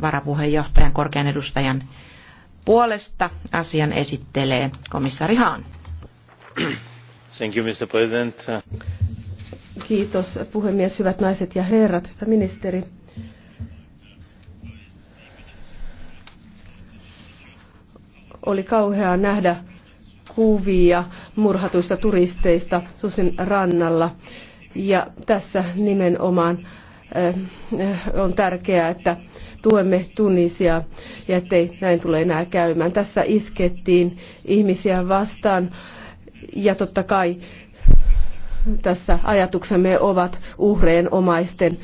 varapuheenjohtajan korkean edustajan puolesta asian esittelee komissaari Hahn. Thank you, Mr. President. Kiitos puhemies, hyvät naiset ja herrat, hyvä ministeri. Oli kauheaa nähdä kuvia murhatuista turisteista Susin rannalla. Ja tässä nimenomaan on tärkeää, että tuemme Tunisia ja ettei näin tule enää käymään. Tässä iskettiin ihmisiä vastaan ja totta kai tässä ajatuksemme ovat uhreen omaisten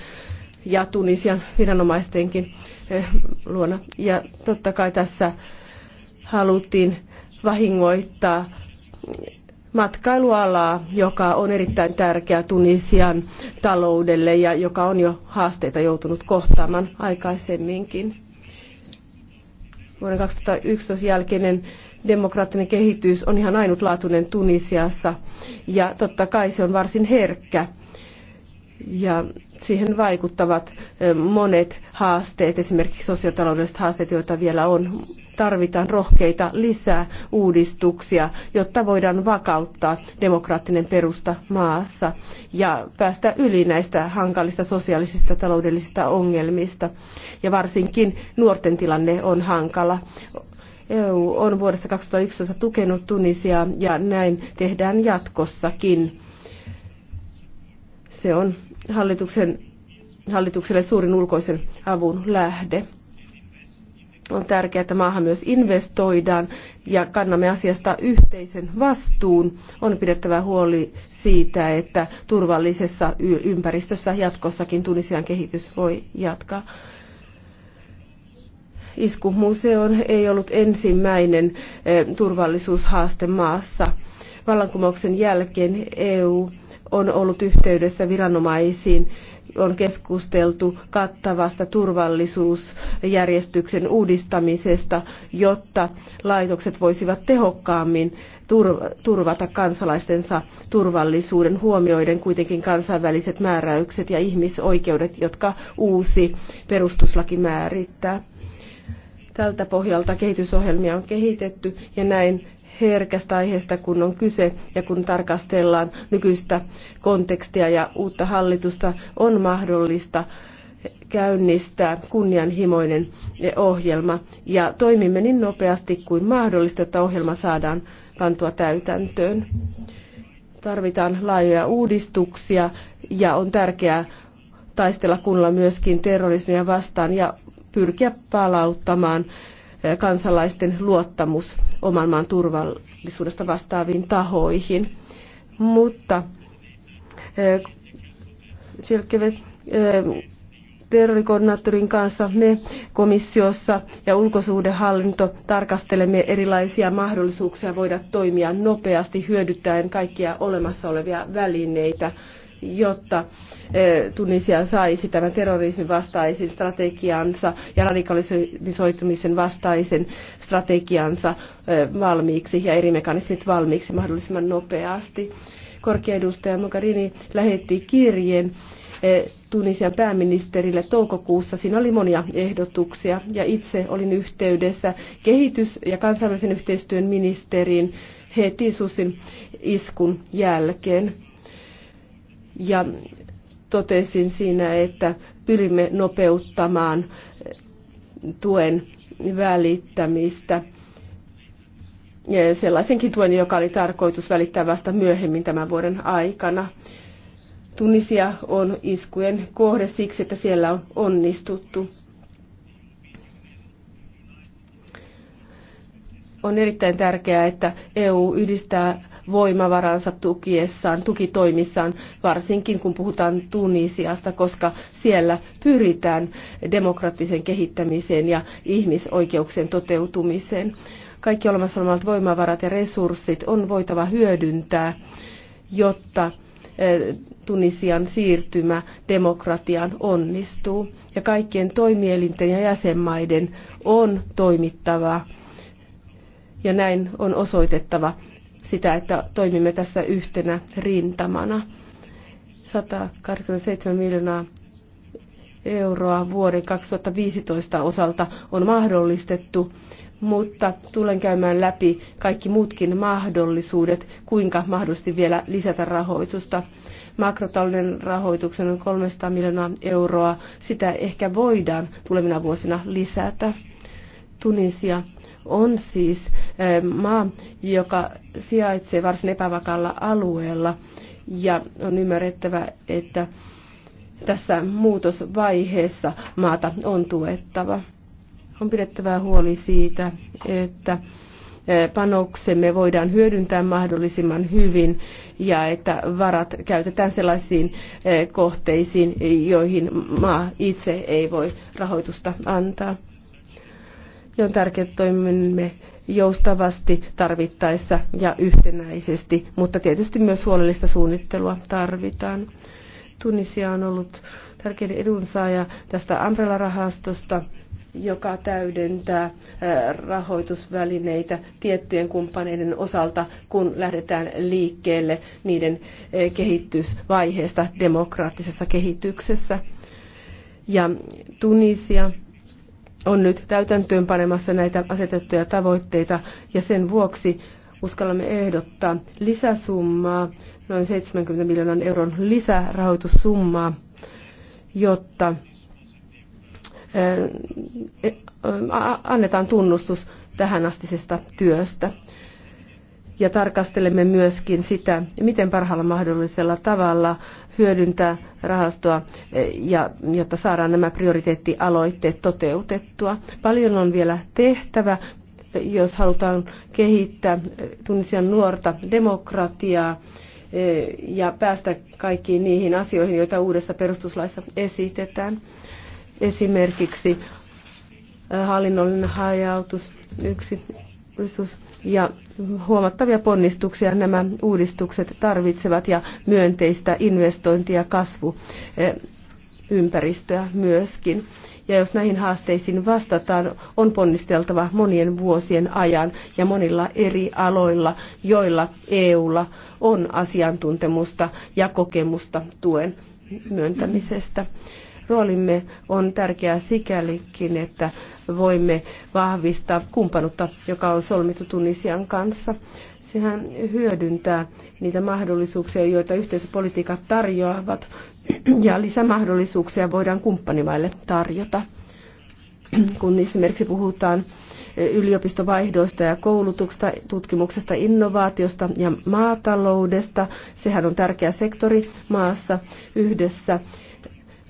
ja Tunisian viranomaistenkin luona. Ja totta kai tässä haluttiin vahingoittaa matkailualaa, joka on erittäin tärkeä Tunisian taloudelle ja joka on jo haasteita joutunut kohtaamaan aikaisemminkin. Vuoden 2011 jälkeinen demokraattinen kehitys on ihan ainutlaatuinen Tunisiassa ja totta kai se on varsin herkkä. Ja siihen vaikuttavat monet haasteet, esimerkiksi sosiotaloudelliset haasteet, joita vielä on tarvitaan rohkeita lisää uudistuksia, jotta voidaan vakauttaa demokraattinen perusta maassa ja päästä yli näistä hankalista sosiaalisista taloudellisista ongelmista. Ja varsinkin nuorten tilanne on hankala. EU on vuodesta 2011 tukenut Tunisiaa ja näin tehdään jatkossakin. Se on hallituksen, hallitukselle suurin ulkoisen avun lähde. On tärkeää, että maahan myös investoidaan ja kannamme asiasta yhteisen vastuun. On pidettävä huoli siitä, että turvallisessa ympäristössä jatkossakin Tunisian kehitys voi jatkaa. Iskumuseo ei ollut ensimmäinen eh, turvallisuushaaste maassa. Vallankumouksen jälkeen EU on ollut yhteydessä viranomaisiin on keskusteltu kattavasta turvallisuusjärjestyksen uudistamisesta, jotta laitokset voisivat tehokkaammin turvata kansalaistensa turvallisuuden huomioiden kuitenkin kansainväliset määräykset ja ihmisoikeudet, jotka uusi perustuslaki määrittää. Tältä pohjalta kehitysohjelmia on kehitetty ja näin herkästä aiheesta, kun on kyse ja kun tarkastellaan nykyistä kontekstia ja uutta hallitusta, on mahdollista käynnistää kunnianhimoinen ohjelma ja toimimme niin nopeasti kuin mahdollista, että ohjelma saadaan pantua täytäntöön. Tarvitaan laajoja uudistuksia ja on tärkeää taistella kunnolla myöskin terrorismia vastaan ja pyrkiä palauttamaan kansalaisten luottamus oman maan turvallisuudesta vastaaviin tahoihin. Mutta terrorikoordinaattorin kanssa me komissiossa ja ulkosuhdehallinto tarkastelemme erilaisia mahdollisuuksia voida toimia nopeasti hyödyttäen kaikkia olemassa olevia välineitä jotta eh, Tunisia saisi tämän terrorismin vastaisen strategiansa ja radikalisoitumisen vastaisen strategiansa eh, valmiiksi ja eri mekanismit valmiiksi mahdollisimman nopeasti. Korkea edustaja Mogherini lähetti kirjeen eh, Tunisian pääministerille toukokuussa. Siinä oli monia ehdotuksia ja itse olin yhteydessä kehitys- ja kansainvälisen yhteistyön ministeriin heti Susin iskun jälkeen ja totesin siinä, että pyrimme nopeuttamaan tuen välittämistä sellaisenkin tuen, joka oli tarkoitus välittää vasta myöhemmin tämän vuoden aikana. Tunisia on iskujen kohde siksi, että siellä on onnistuttu on erittäin tärkeää, että EU yhdistää voimavaransa tukiessaan, tukitoimissaan, varsinkin kun puhutaan Tunisiasta, koska siellä pyritään demokraattisen kehittämiseen ja ihmisoikeuksien toteutumiseen. Kaikki olemassa olevat voimavarat ja resurssit on voitava hyödyntää, jotta e, Tunisian siirtymä demokratiaan onnistuu. Ja kaikkien toimielinten ja jäsenmaiden on toimittava ja näin on osoitettava sitä, että toimimme tässä yhtenä rintamana. 187 miljoonaa euroa vuoden 2015 osalta on mahdollistettu, mutta tulen käymään läpi kaikki muutkin mahdollisuudet, kuinka mahdollisesti vielä lisätä rahoitusta. Makrotalouden rahoituksen on 300 miljoonaa euroa. Sitä ehkä voidaan tulevina vuosina lisätä. Tunisia on siis maa, joka sijaitsee varsin epävakalla alueella ja on ymmärrettävä, että tässä muutosvaiheessa maata on tuettava. On pidettävä huoli siitä, että panoksemme voidaan hyödyntää mahdollisimman hyvin ja että varat käytetään sellaisiin kohteisiin, joihin maa itse ei voi rahoitusta antaa ja on tärkeää, että toimimme joustavasti tarvittaessa ja yhtenäisesti, mutta tietysti myös huolellista suunnittelua tarvitaan. Tunisia on ollut tärkein edunsaaja tästä Umbrella-rahastosta, joka täydentää rahoitusvälineitä tiettyjen kumppaneiden osalta, kun lähdetään liikkeelle niiden kehitysvaiheesta demokraattisessa kehityksessä. Ja Tunisia on nyt täytäntöön panemassa näitä asetettuja tavoitteita ja sen vuoksi uskallamme ehdottaa lisäsummaa, noin 70 miljoonan euron lisärahoitussummaa, jotta e, annetaan tunnustus tähänastisesta työstä ja tarkastelemme myöskin sitä, miten parhaalla mahdollisella tavalla hyödyntää rahastoa, eh, ja, jotta saadaan nämä prioriteettialoitteet toteutettua. Paljon on vielä tehtävä, jos halutaan kehittää eh, tunnisian nuorta demokratiaa eh, ja päästä kaikkiin niihin asioihin, joita uudessa perustuslaissa esitetään. Esimerkiksi hallinnollinen hajautus, yksi mahdollisuus ja huomattavia ponnistuksia nämä uudistukset tarvitsevat ja myönteistä investointia ja kasvuympäristöä eh, myöskin. Ja jos näihin haasteisiin vastataan, on ponnisteltava monien vuosien ajan ja monilla eri aloilla, joilla EUlla on asiantuntemusta ja kokemusta tuen myöntämisestä roolimme on tärkeää sikälikin, että voimme vahvistaa kumppanuutta, joka on solmittu Tunisian kanssa. Sehän hyödyntää niitä mahdollisuuksia, joita yhteisöpolitiikat tarjoavat, ja lisämahdollisuuksia voidaan kumppanimaille tarjota. Kun esimerkiksi puhutaan yliopistovaihdoista ja koulutuksesta, tutkimuksesta, innovaatiosta ja maataloudesta. Sehän on tärkeä sektori maassa yhdessä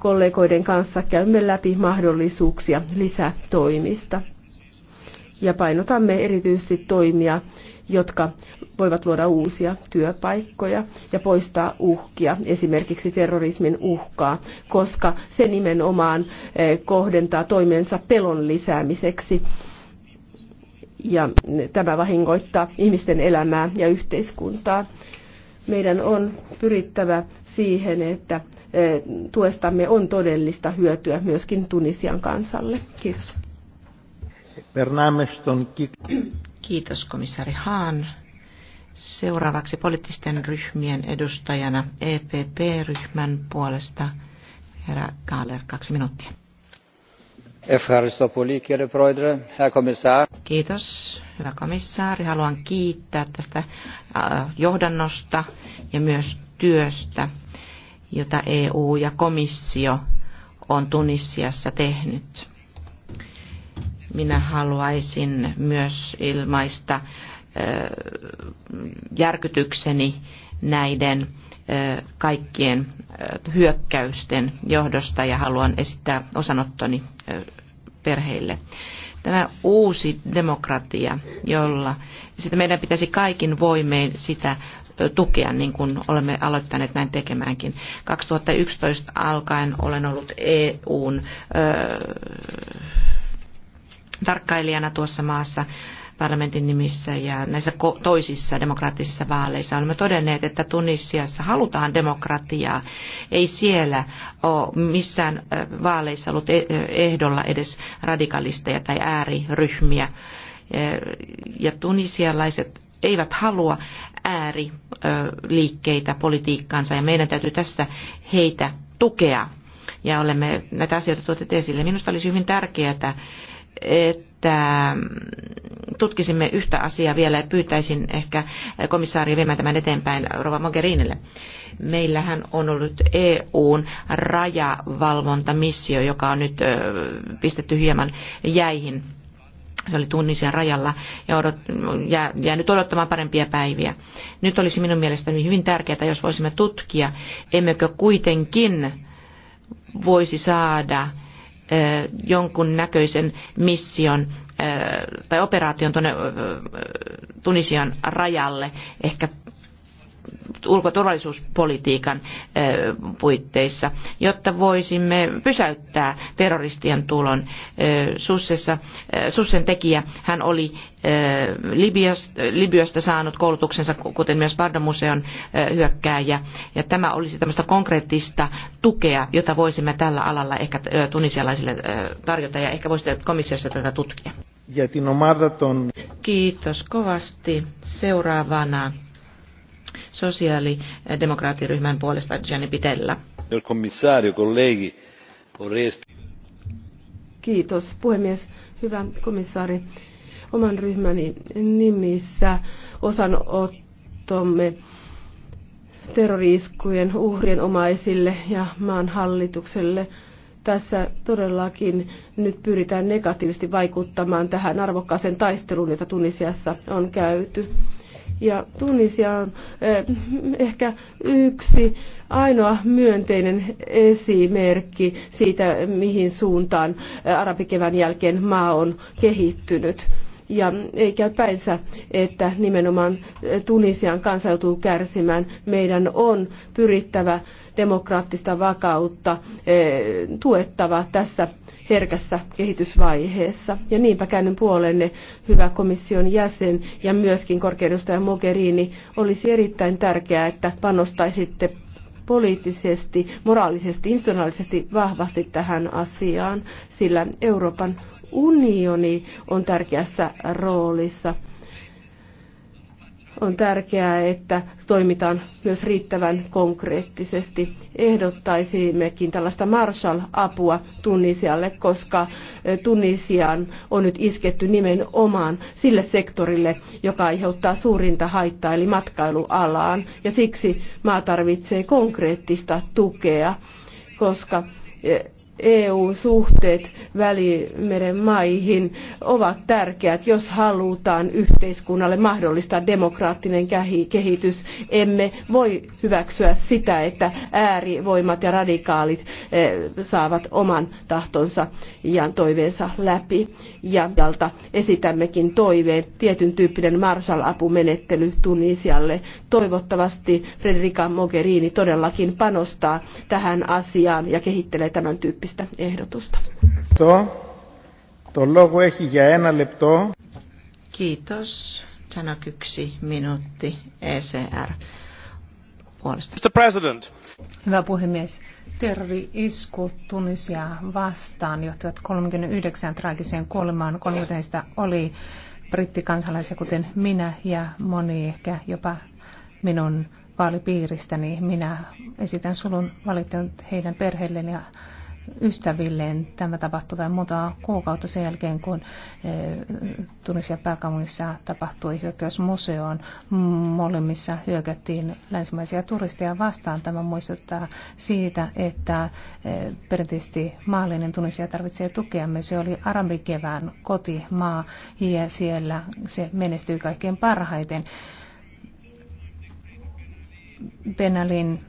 kollegoiden kanssa käymme läpi mahdollisuuksia lisätoimista. Ja painotamme erityisesti toimia, jotka voivat luoda uusia työpaikkoja ja poistaa uhkia, esimerkiksi terrorismin uhkaa, koska se nimenomaan eh, kohdentaa toimensa pelon lisäämiseksi ja tämä vahingoittaa ihmisten elämää ja yhteiskuntaa. Meidän on pyrittävä siihen, että Eh, tuestamme on todellista hyötyä myöskin Tunisian kansalle. Kiitos. Kiitos komissaari Haan. Seuraavaksi poliittisten ryhmien edustajana EPP-ryhmän puolesta herra Kaaler, kaksi minuuttia. Kiitos, hyvä komissaari. Haluan kiittää tästä äh, johdannosta ja myös työstä, jota EU ja komissio on Tunisiassa tehnyt. Minä haluaisin myös ilmaista järkytykseni näiden kaikkien hyökkäysten johdosta ja haluan esittää osanottoni perheille. Tämä uusi demokratia, jolla sitä meidän pitäisi kaikin voimein sitä tukea, niin kuin olemme aloittaneet näin tekemäänkin. 2011 alkaen olen ollut EUn tarkkailijana tuossa maassa parlamentin nimissä ja näissä toisissa demokraattisissa vaaleissa olemme todenneet, että Tunisiassa halutaan demokratiaa. Ei siellä ole missään vaaleissa ollut e-, ehdolla edes radikalisteja tai ääriryhmiä. Ja tunisialaiset eivät halua ääriliikkeitä politiikkaansa ja meidän täytyy tässä heitä tukea. Ja olemme näitä asioita tuotet esille. Minusta olisi hyvin tärkeää, että mm, tutkisimme yhtä asiaa vielä ja pyytäisin ehkä komissaaria viemään tämän eteenpäin Rova Mogherinille. Meillähän on ollut EUn rajavalvontamissio, joka on nyt pistetty hieman jäihin se oli Tunisian rajalla ja odot, jää, jäänyt odottamaan parempia päiviä. Nyt olisi minun mielestäni hyvin tärkeää, jos voisimme tutkia, emmekö kuitenkin voisi saada jonkun näköisen mission tai operaation tuonne Tunisian rajalle, ehkä ulkoturvallisuuspolitiikan puitteissa, jotta voisimme pysäyttää terroristien tulon. Sussessa, Sussen tekijä, hän oli Libyasta saanut koulutuksensa, kuten myös Bardo-museon hyökkääjä. Ja tämä olisi tämmöistä konkreettista tukea, jota voisimme tällä alalla ehkä tunisialaisille tarjota ja ehkä voisitte komissiossa tätä tutkia. Kiitos kovasti. Seuraavana sosiaalidemokraattiryhmän puolesta Gianni Pitellä. Kiitos puhemies. Hyvä komissaari. Oman ryhmäni nimissä osanottomme terroriiskujen uhrien omaisille ja maan hallitukselle tässä todellakin nyt pyritään negatiivisesti vaikuttamaan tähän arvokkaaseen taisteluun, jota Tunisiassa on käyty. Ja Tunisia on eh, ehkä yksi ainoa myönteinen esimerkki siitä, mihin suuntaan eh, arabikevään jälkeen maa on kehittynyt ja ei käy päinsä, että nimenomaan eh, Tunisian kansa joutuu kärsimään. Meidän on pyrittävä demokraattista vakautta tuettava tässä herkässä kehitysvaiheessa. Ja niinpä käännyn puolenne, hyvä komission jäsen ja myöskin korkeudustaja Mogherini, olisi erittäin tärkeää, että panostaisitte poliittisesti, moraalisesti, institutionaalisesti vahvasti tähän asiaan, sillä Euroopan unioni on tärkeässä roolissa on tärkeää, että toimitaan myös riittävän konkreettisesti. Ehdottaisimmekin tällaista Marshall-apua Tunisialle, koska Tunisiaan on nyt isketty nimenomaan sille sektorille, joka aiheuttaa suurinta haittaa, eli matkailualaan. Ja siksi maa tarvitsee konkreettista tukea, koska EU-suhteet Välimeren maihin ovat tärkeät, jos halutaan yhteiskunnalle mahdollistaa demokraattinen kehitys. Emme voi hyväksyä sitä, että äärivoimat ja radikaalit eh, saavat oman tahtonsa ja toiveensa läpi. Ja jalta esitämmekin toiveen tietyn tyyppinen Marshall-apumenettely Tunisialle. Toivottavasti Frederica Mogherini todellakin panostaa tähän asiaan ja kehittelee tämän tyyppistä tyyppistä ehdotusta. Το λόγο έχει για ένα λεπτό. Kiitos. Sanok yksi minuutti ECR puolesta. Mr. President. Hyvä puhemies. terrori isku Tunisia vastaan johtivat 39 traagiseen kuolemaan. 30 oli brittikansalaisia, kuten minä ja moni ehkä jopa minun vaalipiiristäni. Minä esitän sulun valittanut heidän perheilleen ja ystävilleen. Tämä tapahtui vain muuta kuukautta sen jälkeen, kun eh, Tunisia pääkaupungissa tapahtui hyökkäys museoon. Molemmissa hyökättiin länsimaisia turisteja vastaan. Tämä muistuttaa siitä, että eh, perinteisesti maallinen Tunisia tarvitsee tukeamme. Se oli arabikevään kotimaa ja siellä se menestyi kaikkein parhaiten. Benalin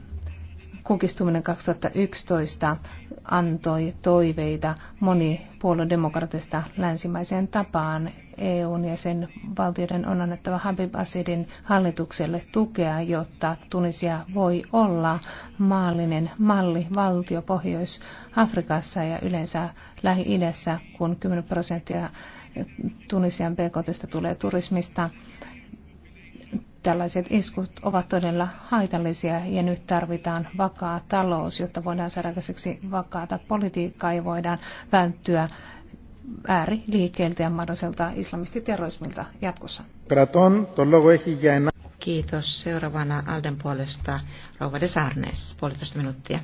kukistuminen 2011 antoi toiveita monipuolodemokratista länsimaiseen tapaan. EUn ja sen valtioiden on annettava Habib Asidin hallitukselle tukea, jotta Tunisia voi olla maallinen malli valtio Pohjois-Afrikassa ja yleensä Lähi-idässä, kun 10 prosenttia Tunisian BKT tulee turismista tällaiset iskut ovat todella haitallisia ja nyt tarvitaan vakaa talous, jotta voidaan saada aikaiseksi vakaata politiikkaa ja voidaan välttyä ääriliikkeeltä ja mahdolliselta islamistiterrorismilta jatkossa. Kiitos. Seuraavana Alden puolesta Rouva Desarnes, puolitoista minuuttia.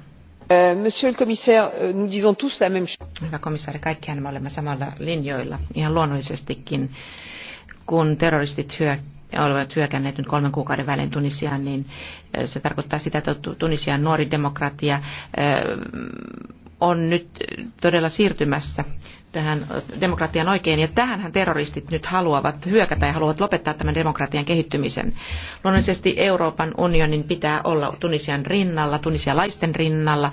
Euh, monsieur le commissaire, euh, nous disons tous la même chose. Hyvä komissaari, kaikkihan me olemme samalla linjoilla, ihan luonnollisestikin, kun terroristit hyökkäävät ja olivat hyökänneet nyt kolmen kuukauden välein Tunisiaan, niin eh, se tarkoittaa sitä, että Tunisian nuori demokratia eh, on nyt todella siirtymässä tähän demokratian oikein. Ja tähänhän terroristit nyt haluavat hyökätä ja haluavat lopettaa tämän demokratian kehittymisen. Luonnollisesti Euroopan unionin pitää olla Tunisian rinnalla, tunisialaisten rinnalla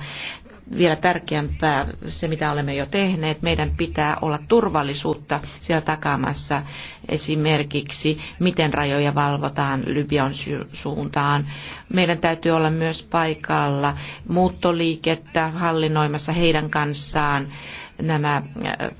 vielä tärkeämpää se, mitä olemme jo tehneet. Meidän pitää olla turvallisuutta siellä takaamassa esimerkiksi, miten rajoja valvotaan Libyan suuntaan. Meidän täytyy olla myös paikalla muuttoliikettä hallinnoimassa heidän kanssaan nämä äh,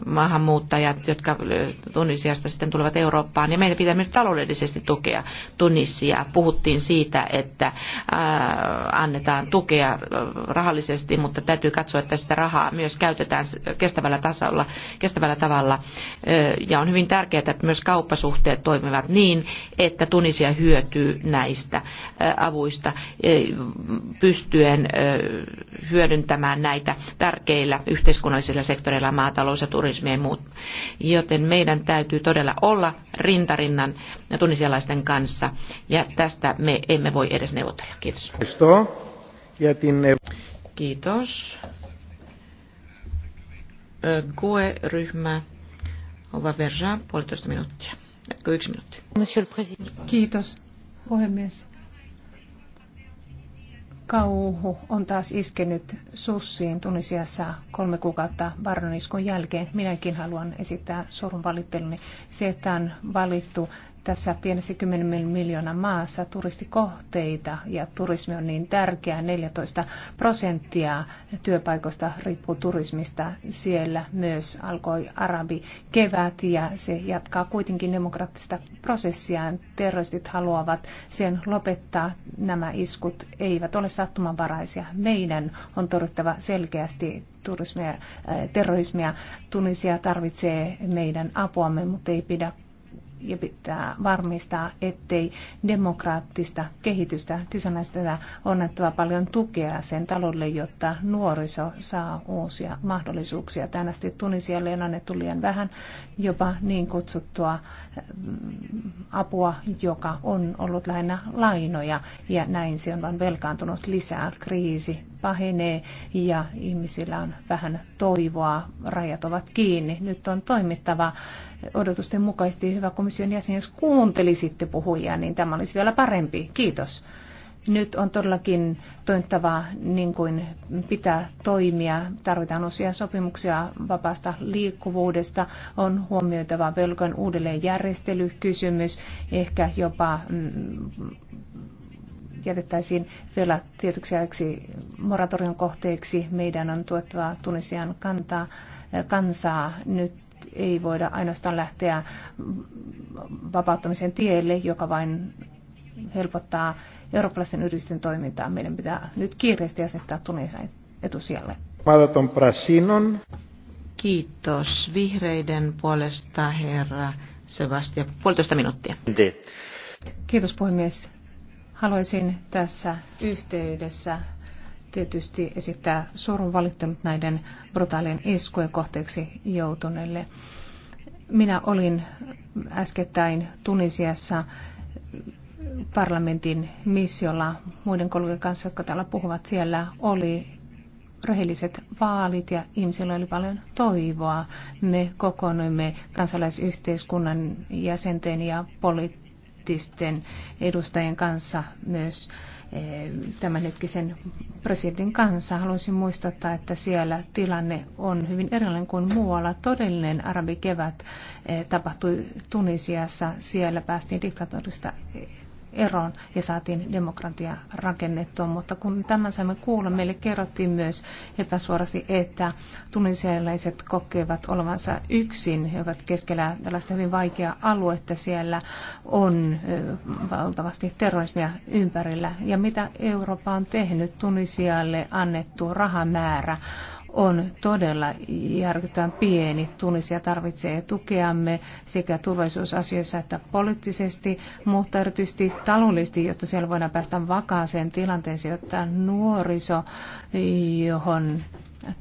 maahanmuuttajat, jotka äh, Tunisiasta sitten tulevat Eurooppaan. Ja meidän pitää myös taloudellisesti tukea Tunisia. Puhuttiin siitä, että äh, annetaan tukea rahallisesti, mutta täytyy katsoa, että sitä rahaa myös käytetään kestävällä, tasolla, kestävällä tavalla. Ja on hyvin tärkeää, että myös kauppasuhteet toimivat niin, että Tunisia hyötyy näistä avuista pystyen hyödyntämään näitä tärkeillä yhteiskunnallisilla sektoreilla sektoreilla, maatalous ja turismi ja muut. Joten meidän täytyy todella olla rintarinnan tunisialaisten kanssa ja tästä me emme voi edes neuvotella. Kiitos. Kiitos. GUE-ryhmä, Ova Verja, puolitoista minuuttia. Yksi minuutti. Kiitos, puhemies. Kauhu on taas iskenyt sussiin Tunisiassa kolme kuukautta Barnon jälkeen. Minäkin haluan esittää surun valitteluni. Se, että on valittu tässä pienessä 10 miljoonan maassa turistikohteita ja turismi on niin tärkeää. 14 prosenttia työpaikoista riippuu turismista. Siellä myös alkoi arabi kevät ja se jatkaa kuitenkin demokraattista prosessiaan. Terroristit haluavat sen lopettaa. Nämä iskut eivät ole sattumanvaraisia. Meidän on torjuttava selkeästi turismia, äh, terrorismia. Tunisia tarvitsee meidän apuamme, mutta ei pidä ja pitää varmistaa, ettei demokraattista kehitystä kyseenalaisteta. On annettava paljon tukea sen talolle, jotta nuoriso saa uusia mahdollisuuksia. Tähän asti Tunisialle on annettu liian vähän jopa niin kutsuttua mm, apua, joka on ollut lähinnä lainoja, ja näin se on vain velkaantunut lisää. Kriisi pahenee ja ihmisillä on vähän toivoa, rajat ovat kiinni. Nyt on toimittava odotusten mukaisesti. Hyvä komission jäsen, jos kuuntelisitte puhujia, niin tämä olisi vielä parempi. Kiitos nyt on todellakin toimittava niin kuin pitää toimia. Tarvitaan uusia sopimuksia vapaasta liikkuvuudesta. On huomioitava velkojen uudelleenjärjestelykysymys, ehkä jopa mm, jätettäisiin vielä tietyksi ajaksi moratorion kohteeksi. Meidän on tuettava Tunisian kantaa, kansaa nyt ei voida ainoastaan lähteä vapauttamisen tielle, joka vain helpottaa eurooppalaisten yritysten toimintaa. Meidän pitää nyt kiireesti asettaa Tunisian etusijalle. Kiitos vihreiden puolesta herra Sebastian. Puolitoista minuuttia. Kiitos puhemies. Haluaisin tässä yhteydessä tietysti esittää surun valittelut näiden brutaalien iskujen kohteeksi joutuneille. Minä olin äskettäin Tunisiassa parlamentin missiolla muiden kollegien kanssa, jotka täällä puhuvat. Siellä oli rehelliset vaalit ja ihmisillä oli paljon toivoa. Me kokoonnuimme kansalaisyhteiskunnan jäsenten ja poliittisten poliittisten edustajien kanssa myös eh, tämänhetkisen presidentin kanssa. Haluaisin muistuttaa, että siellä tilanne on hyvin erilainen kuin muualla. Todellinen arabikevät eh, tapahtui Tunisiassa. Siellä päästiin diktatorista eroon ja saatiin demokratia rakennettua, mutta kun tämän saimme kuulla, meille kerrottiin myös epäsuorasti, että tunisialaiset kokevat olevansa yksin, he ovat keskellä tällaista hyvin vaikeaa aluetta, siellä on valtavasti terrorismia ympärillä. Ja mitä Eurooppa on tehnyt Tunisialle annettu rahamäärä on todella järkyttävän pieni. Tunisia tarvitsee tukeamme sekä turvallisuusasioissa että poliittisesti, mutta erityisesti taloudellisesti, jotta siellä voidaan päästä vakaaseen tilanteeseen, jotta nuoriso, johon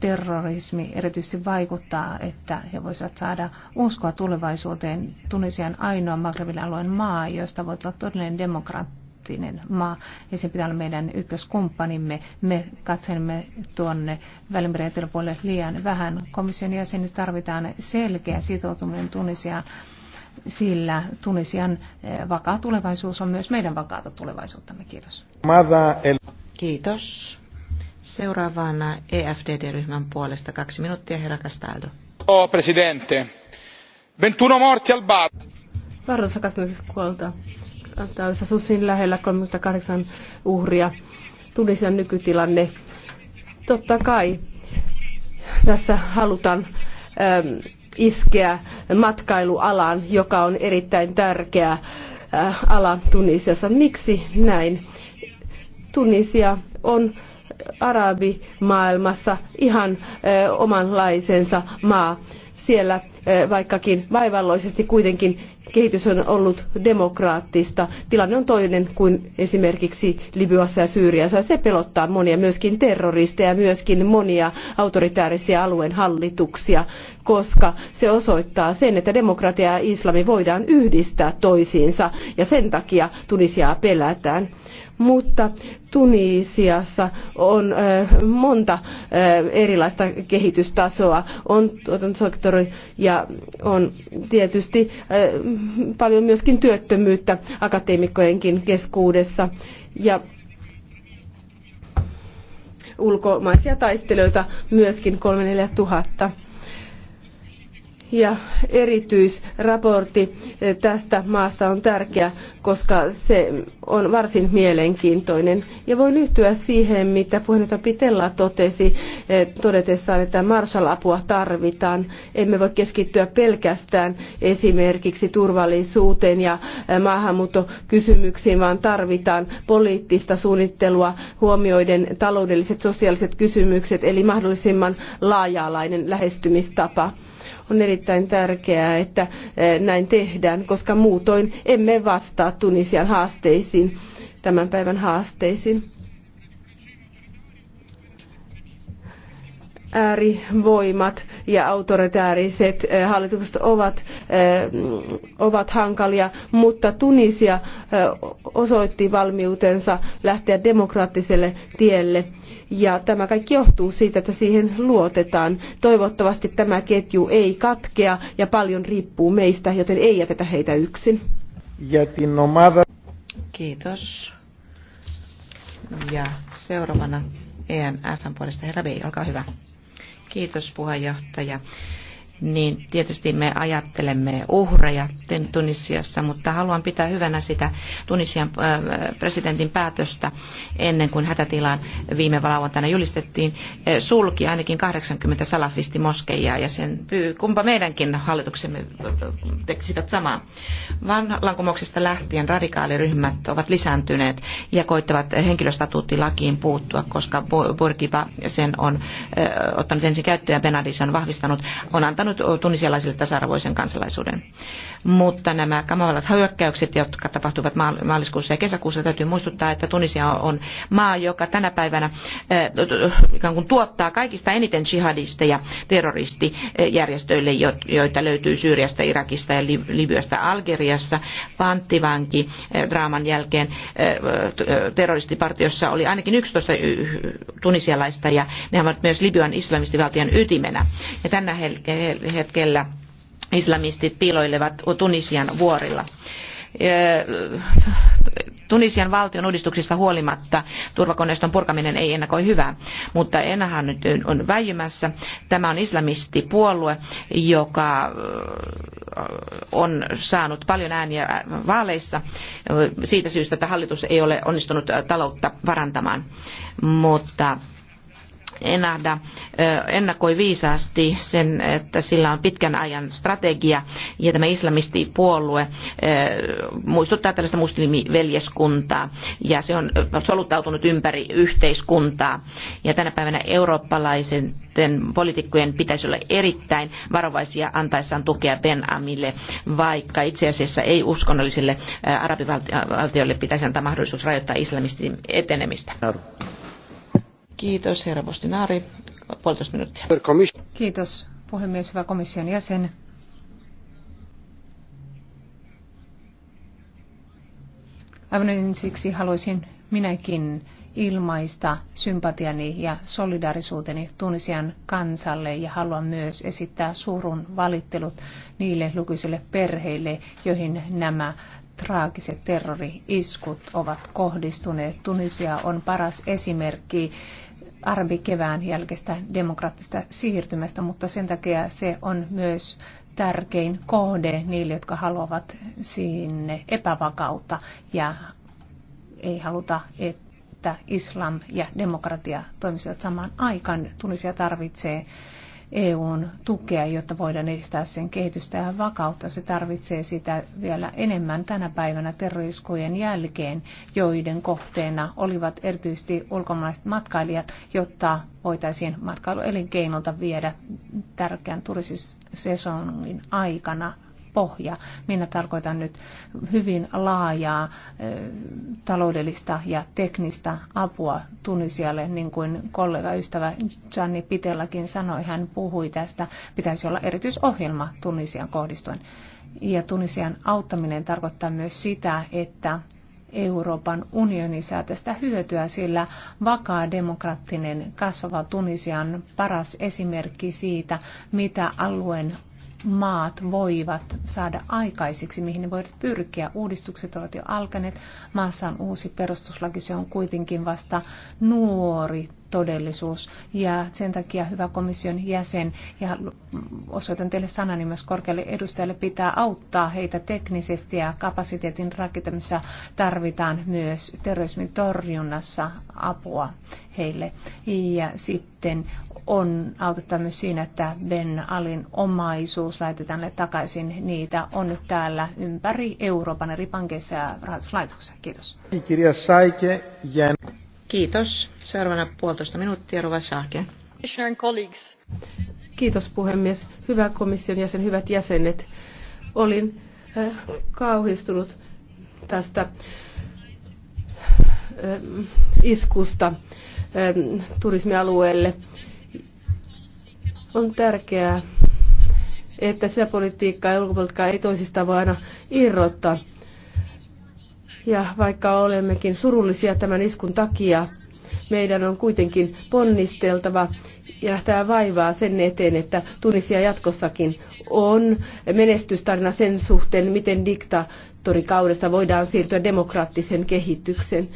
terrorismi erityisesti vaikuttaa, että he voisivat saada uskoa tulevaisuuteen. Tunisian ainoa Magrebin alueen maa, josta voi olla todellinen demokraatti arktinen maa ja se pitää olla meidän ykköskumppanimme. Me katselemme tuonne Välimeren eteläpuolelle liian vähän. Komission jäsenet tarvitaan selkeä sitoutuminen Tunisiaan sillä Tunisian eh, vakaa tulevaisuus on myös meidän vakaata tulevaisuuttamme. Kiitos. Kiitos. Seuraavana EFDD-ryhmän puolesta kaksi minuuttia, herra Castaldo. Oh, presidente. 21 morti al bar. Varrossa 21 kuolta tässä susin lähellä 38 uhria. Tunisian nykytilanne. Totta kai tässä halutaan äm, iskeä matkailualaan, joka on erittäin tärkeä äh, ala Tunisiassa. Miksi näin? Tunisia on arabimaailmassa ihan äh, omanlaisensa maa. Äh, siellä eh, vaikkakin vaivalloisesti kuitenkin kehitys on ollut demokraattista. Tilanne on toinen kuin esimerkiksi Libyassa ja Syyriassa. Se pelottaa monia myöskin terroristeja, myöskin monia autoritäärisiä alueen hallituksia, koska se osoittaa sen, että demokratia ja islami voidaan yhdistää toisiinsa ja sen takia Tunisiaa pelätään mutta Tunisiassa on monta erilaista kehitystasoa. On tuotantosektori ja on tietysti paljon myöskin työttömyyttä akateemikkojenkin keskuudessa. Ja ulkomaisia taistelijoita myöskin 3 tuhatta ja erityisraportti eh, tästä maasta on tärkeä, koska se on varsin mielenkiintoinen. Ja voin yhtyä siihen, mitä puheenjohtaja Pitella totesi eh, todetessaan, että Marshall-apua tarvitaan. Emme voi keskittyä pelkästään esimerkiksi turvallisuuteen ja eh, maahanmuuttokysymyksiin, vaan tarvitaan poliittista suunnittelua huomioiden taloudelliset, sosiaaliset kysymykset, eli mahdollisimman laaja-alainen lähestymistapa. On erittäin tärkeää, että eh, näin tehdään, koska muutoin emme vastaa Tunisian haasteisiin, tämän päivän haasteisiin. äärivoimat ja autoritääriset eh, hallitukset ovat, eh, ovat hankalia, mutta Tunisia osoitti valmiutensa lähteä demokraattiselle tielle ja tämä kaikki johtuu siitä, että siihen luotetaan. Toivottavasti tämä ketju ei katkea ja paljon riippuu meistä, joten ei jätetä heitä yksin. Kiitos. Ja seuraavana ENFn puolesta herra B, olkaa hyvä. Kiitos puheenjohtaja niin tietysti me ajattelemme uhreja Tunisiassa, mutta haluan pitää hyvänä sitä Tunisian äh, presidentin päätöstä ennen kuin hätätilaan viime lauantaina julistettiin äh, sulki ainakin 80 salafisti moskeja ja sen pyy, kumpa meidänkin hallituksemme äh, tekisivät samaa. Vallankumouksesta lähtien radikaaliryhmät ovat lisääntyneet ja koittavat henkilöstatuuttilakiin puuttua, koska Burkiba sen on ottanut ensin käyttöön ja Benadis on vahvistanut, on antanut antanut tunisialaisille tasa-arvoisen kansalaisuuden. Mutta nämä kamalat hyökkäykset, jotka tapahtuvat maaliskuussa ja kesäkuussa, täytyy muistuttaa, että Tunisia on maa, joka tänä päivänä äh, ikään kuin tuottaa kaikista eniten jihadisteja terroristijärjestöille, joita löytyy Syyriasta, Irakista ja Libyasta. Algeriassa panttivanki äh, draaman jälkeen äh, terroristipartiossa oli ainakin 11 tunisialaista ja ne ovat myös Libyan islamistivaltion ytimenä. Ja tänä hetkellä islamistit piiloilevat Tunisian vuorilla. Tunisian valtion uudistuksista huolimatta turvakoneiston purkaminen ei ennakoi hyvää, mutta enähän nyt on väijymässä. Tämä on islamistipuolue, joka on saanut paljon ääniä vaaleissa siitä syystä, että hallitus ei ole onnistunut taloutta parantamaan. Mutta Enahda ennakoi viisaasti sen, että sillä on pitkän ajan strategia ja tämä islamistipuolue muistuttaa tällaista muslimiveljeskuntaa ja se on soluttautunut ympäri yhteiskuntaa. Ja tänä päivänä eurooppalaisen poliitikkojen pitäisi olla erittäin varovaisia antaessaan tukea Ben Amille, vaikka itse asiassa ei uskonnollisille arabivaltioille pitäisi antaa mahdollisuus rajoittaa islamistin etenemistä. Kiitos, herra Postinaari. Puolitoista minuuttia. Kiitos, puhemies, hyvä komission jäsen. Aivan ensiksi haluaisin minäkin ilmaista sympatiani ja solidaarisuuteni Tunisian kansalle ja haluan myös esittää suurun valittelut niille lukuisille perheille, joihin nämä traagiset terrori-iskut ovat kohdistuneet. Tunisia on paras esimerkki arabikevään jälkeistä demokraattista siirtymästä, mutta sen takia se on myös tärkein kohde niille, jotka haluavat sinne epävakautta ja ei haluta, että islam ja demokratia toimisivat samaan aikaan. Tunisia tarvitsee EUn tukea, jotta voidaan edistää sen kehitystä ja vakautta. Se tarvitsee sitä vielä enemmän tänä päivänä terroriskujen jälkeen, joiden kohteena olivat erityisesti ulkomaiset matkailijat, jotta voitaisiin matkailuelinkeinolta viedä tärkeän turistisesongin aikana pohja. Minä tarkoitan nyt hyvin laajaa taloudellista ja teknistä apua Tunisialle, niin kuin ystävä Gianni Pitellakin sanoi, hän puhui tästä, pitäisi olla erityisohjelma Tunisian kohdistuen. Ja Tunisian auttaminen tarkoittaa myös sitä, että Euroopan unioni saa tästä hyötyä, sillä vakaa demokraattinen kasvava Tunisian paras esimerkki siitä, mitä alueen maat voivat saada aikaiseksi, mihin ne voivat pyrkiä. Uudistukset ovat jo alkaneet. Maassa on uusi perustuslaki, se on kuitenkin vasta nuori todellisuus. Ja sen takia, hyvä komission jäsen, ja osoitan teille sanani myös korkealle edustajalle, pitää auttaa heitä teknisesti ja kapasiteetin rakentamisessa tarvitaan myös terrorismin torjunnassa apua heille. Ja sitten on autettava myös siinä, että Ben Alin omaisuus laitetaan takaisin. Niitä on nyt täällä ympäri Euroopan eri pankeissa ja rahoituslaitoksissa. Kiitos. Kirja Saike, Kiitos. Seuraavana puolitoista minuuttia Rova Saake. Kiitos puhemies. Hyvä komission jäsen, hyvät jäsenet. Olin äh, kauhistunut tästä äh, iskusta ähm, turismialueelle. On tärkeää, että sisäpolitiikkaa ja ulkopolitiikkaa ei toisistaan voi aina irrottaa. Ja vaikka olemmekin surullisia tämän iskun takia, meidän on kuitenkin ponnisteltava ja tämä vaivaa sen eteen, että Tunisia jatkossakin on menestystarina sen suhteen, miten diktatorikaudesta voidaan siirtyä demokraattisen kehityksen.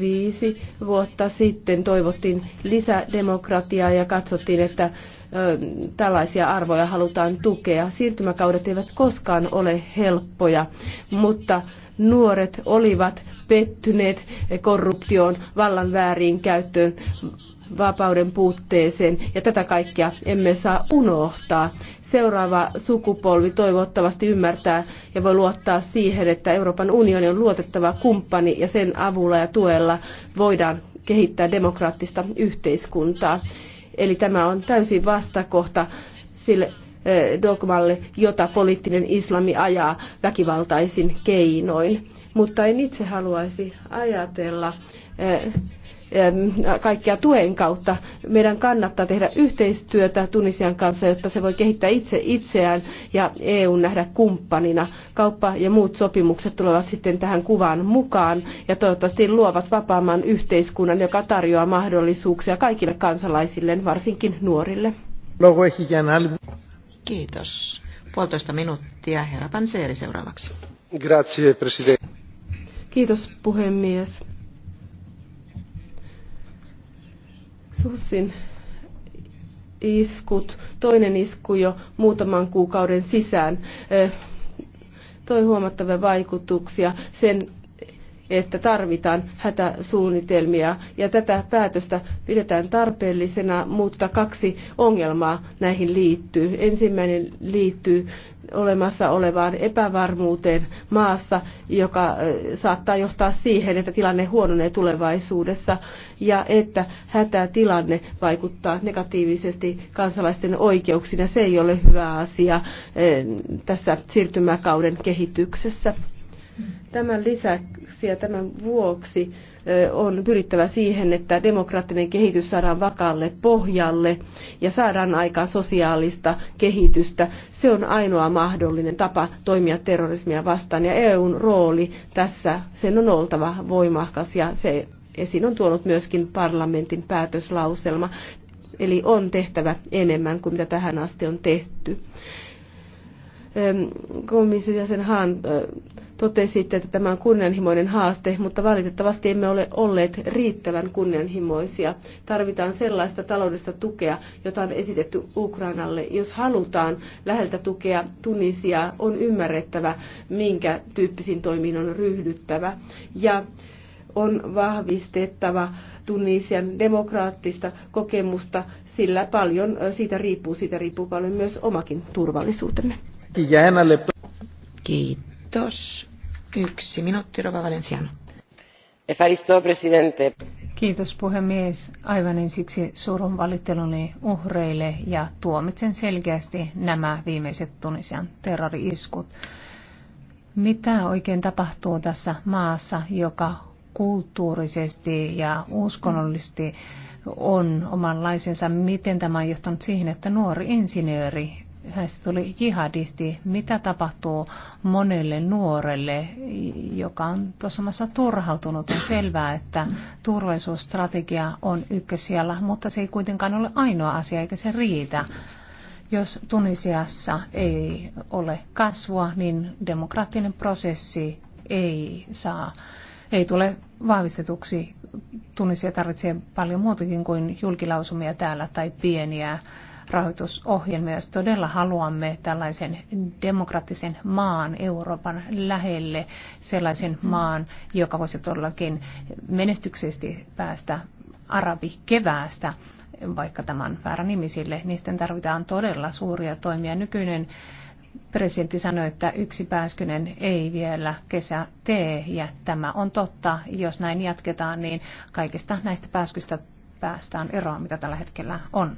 Viisi vuotta sitten toivottiin lisädemokratiaa ja katsottiin, että tällaisia arvoja halutaan tukea. Siirtymäkaudet eivät koskaan ole helppoja, mutta nuoret olivat pettyneet korruptioon, vallan väärin käyttöön, vapauden puutteeseen ja tätä kaikkea emme saa unohtaa. Seuraava sukupolvi toivottavasti ymmärtää ja voi luottaa siihen, että Euroopan unioni on luotettava kumppani ja sen avulla ja tuella voidaan kehittää demokraattista yhteiskuntaa. Eli tämä on täysin vastakohta sille dogmalle, jota poliittinen islami ajaa väkivaltaisin keinoin. Mutta en itse haluaisi ajatella kaikkia tuen kautta. Meidän kannattaa tehdä yhteistyötä Tunisian kanssa, jotta se voi kehittää itse itseään ja EU nähdä kumppanina. Kauppa ja muut sopimukset tulevat sitten tähän kuvaan mukaan ja toivottavasti luovat vapaamman yhteiskunnan, joka tarjoaa mahdollisuuksia kaikille kansalaisille, varsinkin nuorille. Kiitos. Puolitoista minuuttia. Herra Panseeri seuraavaksi. Grazie, presidente. Kiitos, puhemies. Sussin iskut, toinen isku jo muutaman kuukauden sisään eh, toi huomattavia vaikutuksia sen että tarvitaan hätäsuunnitelmia ja tätä päätöstä pidetään tarpeellisena, mutta kaksi ongelmaa näihin liittyy. Ensimmäinen liittyy olemassa olevaan epävarmuuteen maassa, joka saattaa johtaa siihen, että tilanne huononee tulevaisuudessa ja että hätätilanne vaikuttaa negatiivisesti kansalaisten oikeuksiin se ei ole hyvä asia tässä siirtymäkauden kehityksessä. Tämän lisäksi ja tämän vuoksi on pyrittävä siihen, että demokraattinen kehitys saadaan vakaalle pohjalle ja saadaan aikaan sosiaalista kehitystä. Se on ainoa mahdollinen tapa toimia terrorismia vastaan ja EUn rooli tässä, sen on oltava voimakas ja se esiin on tuonut myöskin parlamentin päätöslauselma. Eli on tehtävä enemmän kuin mitä tähän asti on tehty. Komission jäsen Hahn Totesitte, että tämä on kunnianhimoinen haaste, mutta valitettavasti emme ole olleet riittävän kunnianhimoisia. Tarvitaan sellaista taloudellista tukea, jota on esitetty Ukrainalle. Jos halutaan läheltä tukea Tunisia, on ymmärrettävä, minkä tyyppisiin toimiin on ryhdyttävä. Ja on vahvistettava Tunisian demokraattista kokemusta, sillä paljon siitä riippuu, siitä riippuu paljon myös omakin turvallisuutemme. Kiitos arvoisa Kiitos puhemies. Aivan ensiksi surun valitteluni uhreille ja tuomitsen selkeästi nämä viimeiset Tunisian terrori-iskut. Mitä oikein tapahtuu tässä maassa, joka kulttuurisesti ja uskonnollisesti on omanlaisensa? Miten tämä on johtanut siihen, että nuori insinööri hänestä tuli jihadisti. Mitä tapahtuu monelle nuorelle, joka on tuossa maassa turhautunut? On selvää, että turvallisuusstrategia on ykkösijalla, mutta se ei kuitenkaan ole ainoa asia, eikä se riitä. Jos Tunisiassa ei ole kasvua, niin demokraattinen prosessi ei saa ei tule vahvistetuksi. Tunisia tarvitsee paljon muutakin kuin julkilausumia täällä tai pieniä rahoitusohjelmia, jos todella haluamme tällaisen demokraattisen maan Euroopan lähelle, sellaisen maan, joka voisi todellakin menestyksesti päästä arabikeväästä, vaikka tämän väärän nimisille, niin sitten tarvitaan todella suuria toimia. Nykyinen presidentti sanoi, että yksi pääskynen ei vielä kesä tee, ja tämä on totta. Jos näin jatketaan, niin kaikista näistä pääskystä päästään eroon, mitä tällä hetkellä on.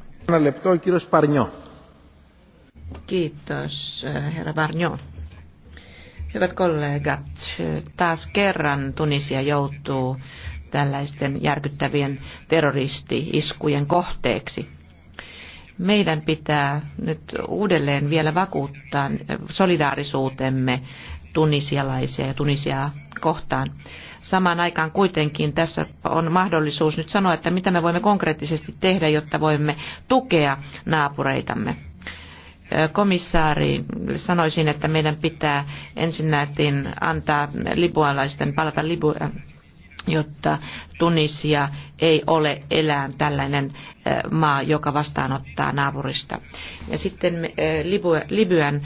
Kiitos, herra Barnio. Hyvät kollegat, taas kerran Tunisia joutuu tällaisten järkyttävien terroristi-iskujen kohteeksi. Meidän pitää nyt uudelleen vielä vakuuttaa solidaarisuutemme tunisialaisia ja Tunisiaa kohtaan. Samaan aikaan kuitenkin tässä on mahdollisuus nyt sanoa, että mitä me voimme konkreettisesti tehdä, jotta voimme tukea naapureitamme komissaari, sanoisin, että meidän pitää ensinnäkin antaa libualaisten palata Libu, jotta Tunisia ei ole elää tällainen maa, joka vastaanottaa naapurista. Ja sitten Libyan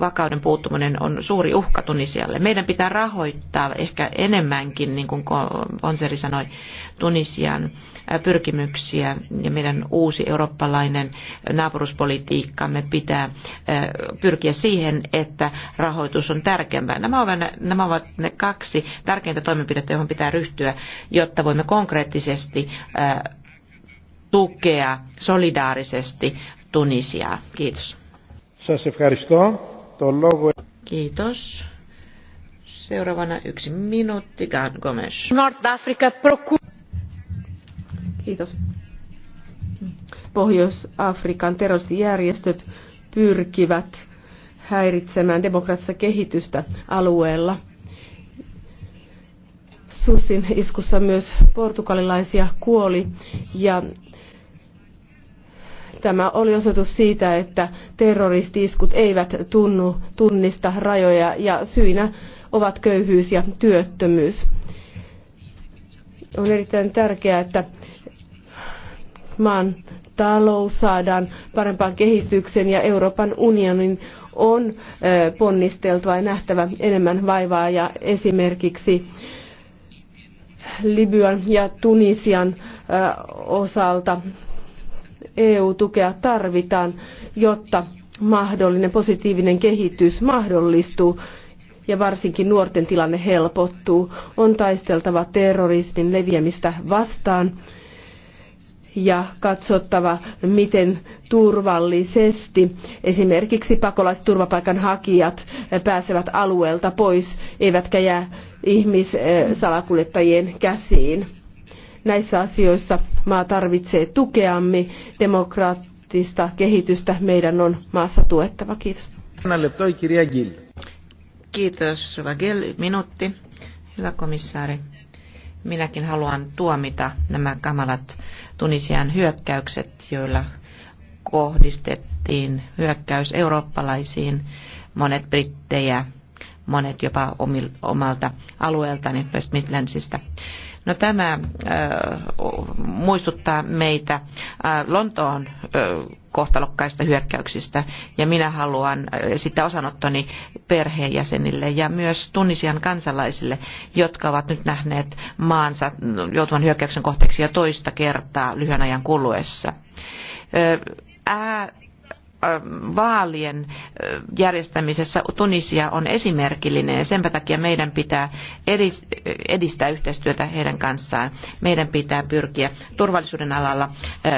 vakauden puuttuminen on suuri uhka Tunisialle. Meidän pitää rahoittaa ehkä enemmänkin, niin kuin Bonseri sanoi, Tunisian pyrkimyksiä ja meidän uusi eurooppalainen naapuruspolitiikkamme pitää pyrkiä siihen, että rahoitus on tärkeämpää. Nämä ovat, nämä ovat ne kaksi tärkeintä toimenpidettä, johon pitää ryhtyä, jotta jotta voimme konkreettisesti tukea solidaarisesti Tunisiaa. Kiitos. Kiitos. Seuraavana yksi minuutti, Gomes. North Africa procu- Kiitos. Pohjois-Afrikan terroristijärjestöt pyrkivät häiritsemään demokratista kehitystä alueella – Susin iskussa myös portugalilaisia kuoli ja tämä oli osoitus siitä, että terroristiiskut eivät tunnu, tunnista rajoja ja syinä ovat köyhyys ja työttömyys. On erittäin tärkeää, että maan talous saadaan parempaan kehitykseen ja Euroopan unionin on ponnisteltava ja nähtävä enemmän vaivaa ja esimerkiksi Libyan ja Tunisian osalta EU-tukea tarvitaan, jotta mahdollinen positiivinen kehitys mahdollistuu ja varsinkin nuorten tilanne helpottuu. On taisteltava terrorismin leviämistä vastaan ja katsottava, miten turvallisesti esimerkiksi pakolaiset turvapaikanhakijat pääsevät alueelta pois, eivätkä jää ihmissalakuljettajien käsiin. Näissä asioissa maa tarvitsee tukeamme, demokraattista kehitystä meidän on maassa tuettava. Kiitos. Kiitos, Vagel. Minuutti. Hyvä komissaari. Minäkin haluan tuomita nämä kamalat Tunisian hyökkäykset, joilla kohdistettiin hyökkäys eurooppalaisiin, monet brittejä, monet jopa omalta alueeltani West Midlandsista. No tämä äh, muistuttaa meitä äh, Lontoon äh, kohtalokkaista hyökkäyksistä. Ja minä haluan äh, sitä osanottoni perheenjäsenille ja myös Tunisian kansalaisille, jotka ovat nyt nähneet maansa joutuvan hyökkäyksen kohteeksi jo toista kertaa lyhyen ajan kuluessa. Äh, ää, Äh, vaalien äh, järjestämisessä Tunisia on esimerkillinen ja sen takia meidän pitää edistää yhteistyötä heidän kanssaan. Meidän pitää pyrkiä turvallisuuden alalla äh,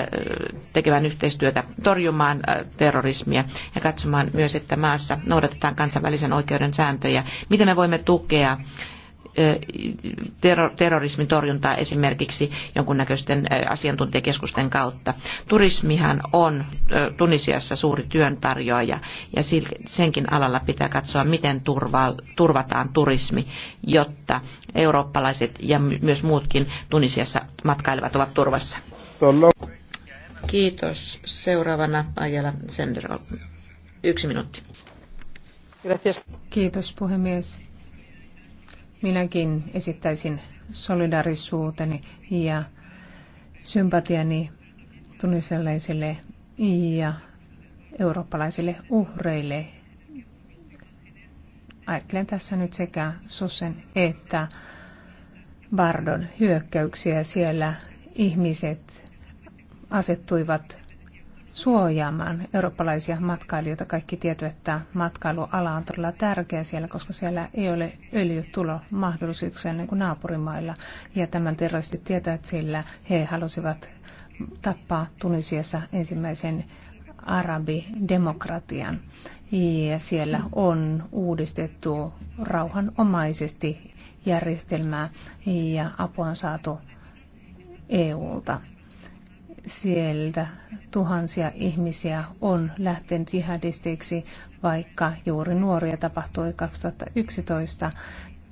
tekemään yhteistyötä, torjumaan terrorismia ja katsomaan myös, että maassa noudatetaan kansainvälisen oikeuden sääntöjä. Miten me voimme tukea terrorismin torjuntaa esimerkiksi jonkunnäköisten asiantuntijakeskusten kautta. Turismihan on Tunisiassa suuri työntarjoaja ja senkin alalla pitää katsoa, miten turvataan turismi, jotta eurooppalaiset ja myös muutkin Tunisiassa matkailevat ovat turvassa. Kiitos. Seuraavana Ajala Sender. Yksi minuutti. Kiitos puhemies minäkin esittäisin solidarisuuteni ja sympatiani tunisialaisille ja eurooppalaisille uhreille. Ajattelen tässä nyt sekä Sussen että Bardon hyökkäyksiä. Siellä ihmiset asettuivat suojaamaan eurooppalaisia matkailijoita. Kaikki tietävät, että matkailuala on todella tärkeä siellä, koska siellä ei ole öljytulomahdollisuuksia niin kuin naapurimailla. Ja tämän terroristit tietävät, sillä he halusivat tappaa Tunisiassa ensimmäisen arabidemokratian. Ja siellä on uudistettu rauhanomaisesti järjestelmää ja apua on saatu EUlta sieltä tuhansia ihmisiä on lähtenyt jihadistiksi, vaikka juuri nuoria tapahtui 2011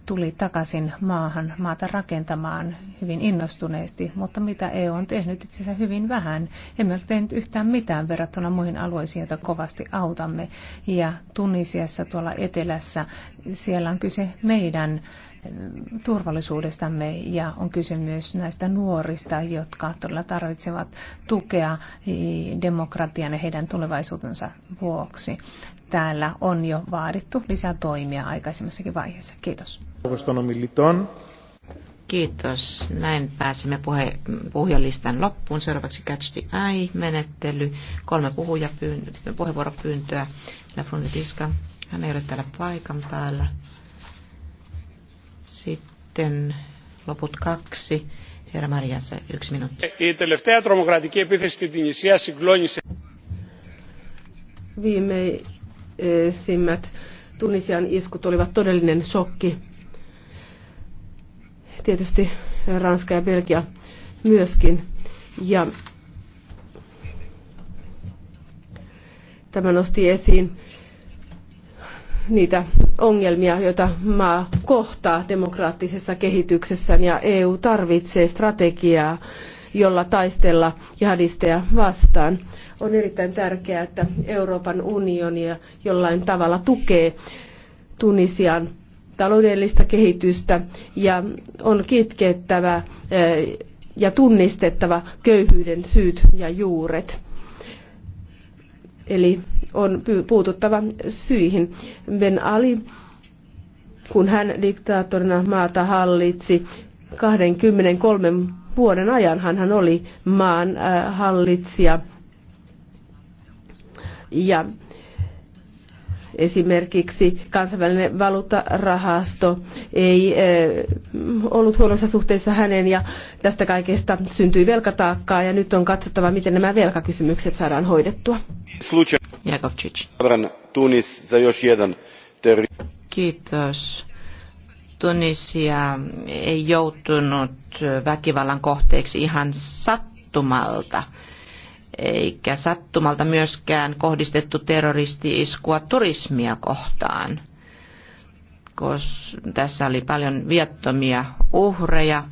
tuli takaisin maahan maata rakentamaan hyvin innostuneesti, mutta mitä EU on tehnyt itse asiassa hyvin vähän. Emme ole tehnyt yhtään mitään verrattuna muihin alueisiin, joita kovasti autamme. Ja Tunisiassa tuolla etelässä, siellä on kyse meidän turvallisuudestamme ja on kyse myös näistä nuorista, jotka todella tarvitsevat tukea demokratian ja heidän tulevaisuutensa vuoksi täällä on jo vaadittu lisää toimia aikaisemmassakin vaiheessa. Kiitos. Kiitos. Näin pääsimme puhe, puhujalistan loppuun. Seuraavaksi Catch the Eye-menettely. Kolme puheenvuoropyyntöä. Lafrundiska, hän ei ole täällä paikan päällä. Sitten loput kaksi. Herra Marjansa, yksi minuutti. Viimein viimeisimmät Tunisian iskut olivat todellinen shokki. Tietysti Ranska ja Belgia myöskin. Ja tämä nosti esiin niitä ongelmia, joita maa kohtaa demokraattisessa kehityksessään ja EU tarvitsee strategiaa jolla taistella jihadisteja vastaan. On erittäin tärkeää, että Euroopan unioni jollain tavalla tukee Tunisian taloudellista kehitystä ja on kitkettävä eh, ja tunnistettava köyhyyden syyt ja juuret. Eli on puututtava syihin. Ben Ali, kun hän diktaattorina maata hallitsi, 23 vuoden ajan hän oli maan äh, hallitsija. Ja esimerkiksi kansainvälinen valuuttarahasto ei äh, ollut huonossa suhteessa hänen ja tästä kaikesta syntyi velkataakkaa ja nyt on katsottava, miten nämä velkakysymykset saadaan hoidettua. Jakovčić. Tunis za još jedan Kiitos. Tunisia ei joutunut väkivallan kohteeksi ihan sattumalta, eikä sattumalta myöskään kohdistettu terroristi-iskua turismia kohtaan. Kos tässä oli paljon viattomia uhreja,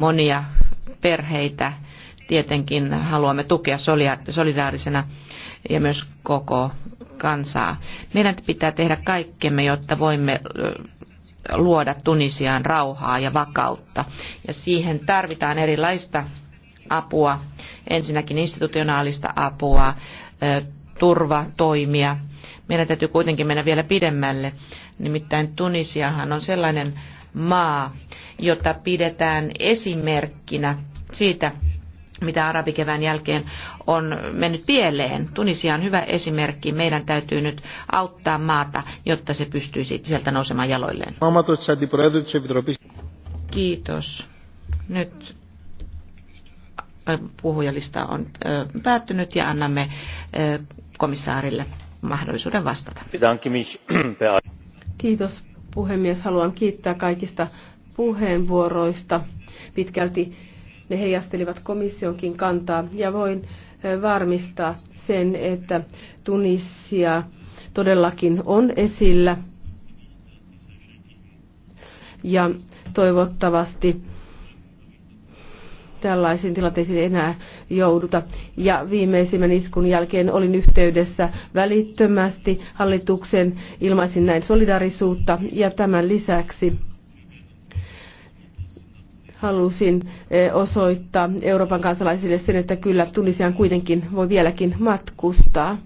monia perheitä. Tietenkin haluamme tukea solidaarisena ja myös koko kansaa. Meidän pitää tehdä kaikkemme, jotta voimme luoda Tunisiaan rauhaa ja vakautta. Ja siihen tarvitaan erilaista apua, ensinnäkin institutionaalista apua, turvatoimia. Meidän täytyy kuitenkin mennä vielä pidemmälle. Nimittäin Tunisiahan on sellainen maa, jota pidetään esimerkkinä siitä, mitä arabikevään jälkeen on mennyt pieleen. Tunisia on hyvä esimerkki. Meidän täytyy nyt auttaa maata, jotta se pystyy sieltä nousemaan jaloilleen. Kiitos. Nyt äh, puhujalista on äh, päättynyt ja annamme äh, komissaarille mahdollisuuden vastata. Kiitos puhemies. Haluan kiittää kaikista puheenvuoroista. Pitkälti ne heijastelivat komissionkin kantaa ja voin varmistaa sen, että Tunisia todellakin on esillä. Ja toivottavasti tällaisiin tilanteisiin enää jouduta. Ja viimeisimmän iskun jälkeen olin yhteydessä välittömästi hallituksen, ilmaisin näin solidarisuutta ja tämän lisäksi halusin eh, osoittaa Euroopan kansalaisille sen, että kyllä Tunisiaan kuitenkin voi vieläkin matkustaa.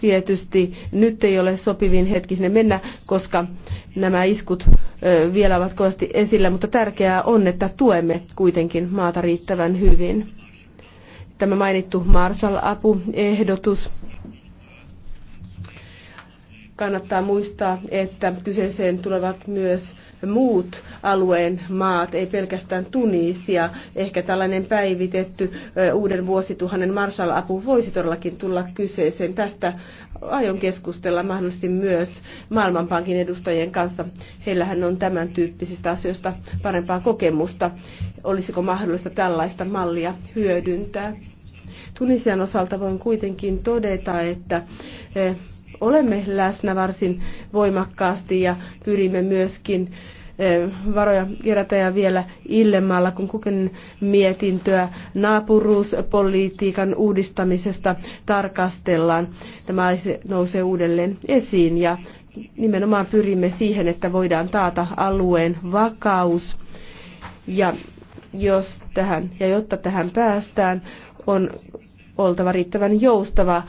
Tietysti nyt ei ole sopivin hetki sinne mennä, koska nämä iskut eh, vielä ovat kovasti esillä, mutta tärkeää on, että tuemme kuitenkin maata riittävän hyvin. Tämä mainittu Marshall-apuehdotus Kannattaa muistaa, että kyseeseen tulevat myös muut alueen maat, ei pelkästään Tunisia. Ehkä tällainen päivitetty uuden vuosituhannen Marshall-apu voisi todellakin tulla kyseeseen. Tästä aion keskustella mahdollisesti myös Maailmanpankin edustajien kanssa. Heillähän on tämän tyyppisistä asioista parempaa kokemusta. Olisiko mahdollista tällaista mallia hyödyntää? Tunisian osalta voin kuitenkin todeta, että olemme läsnä varsin voimakkaasti ja pyrimme myöskin eh, varoja kerätä ja vielä illemmalla, kun kuken mietintöä naapuruuspolitiikan uudistamisesta tarkastellaan. Tämä nousee uudelleen esiin ja nimenomaan pyrimme siihen, että voidaan taata alueen vakaus. Ja jos tähän ja jotta tähän päästään, on oltava riittävän joustava,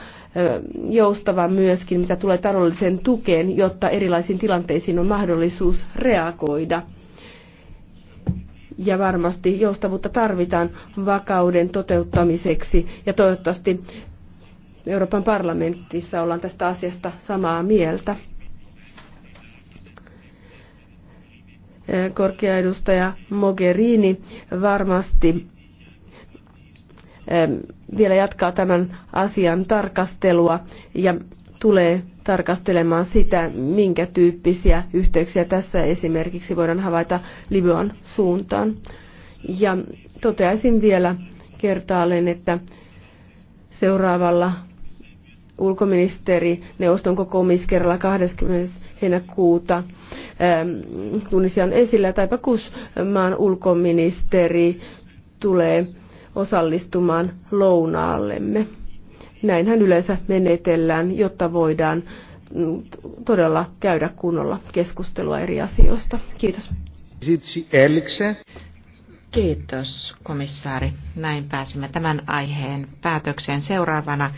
joustava myöskin, mitä tulee taloudelliseen tukeen, jotta erilaisiin tilanteisiin on mahdollisuus reagoida. Ja varmasti joustavuutta tarvitaan vakauden toteuttamiseksi ja toivottavasti Euroopan parlamentissa ollaan tästä asiasta samaa mieltä. Korkea edustaja Mogherini varmasti vielä jatkaa tämän asian tarkastelua ja tulee tarkastelemaan sitä, minkä tyyppisiä yhteyksiä tässä esimerkiksi voidaan havaita Libyan suuntaan. Ja toteaisin vielä kertaalleen, että seuraavalla ulkoministeri neuvoston kokoomiskerralla 20. heinäkuuta ähm, Tunisian esillä, tai Pakus maan ulkoministeri tulee osallistumaan lounaallemme. Näinhän yleensä menetellään, jotta voidaan mm, todella käydä kunnolla keskustelua eri asioista. Kiitos. Kiitos, komissaari. Näin pääsimme tämän aiheen päätökseen seuraavana.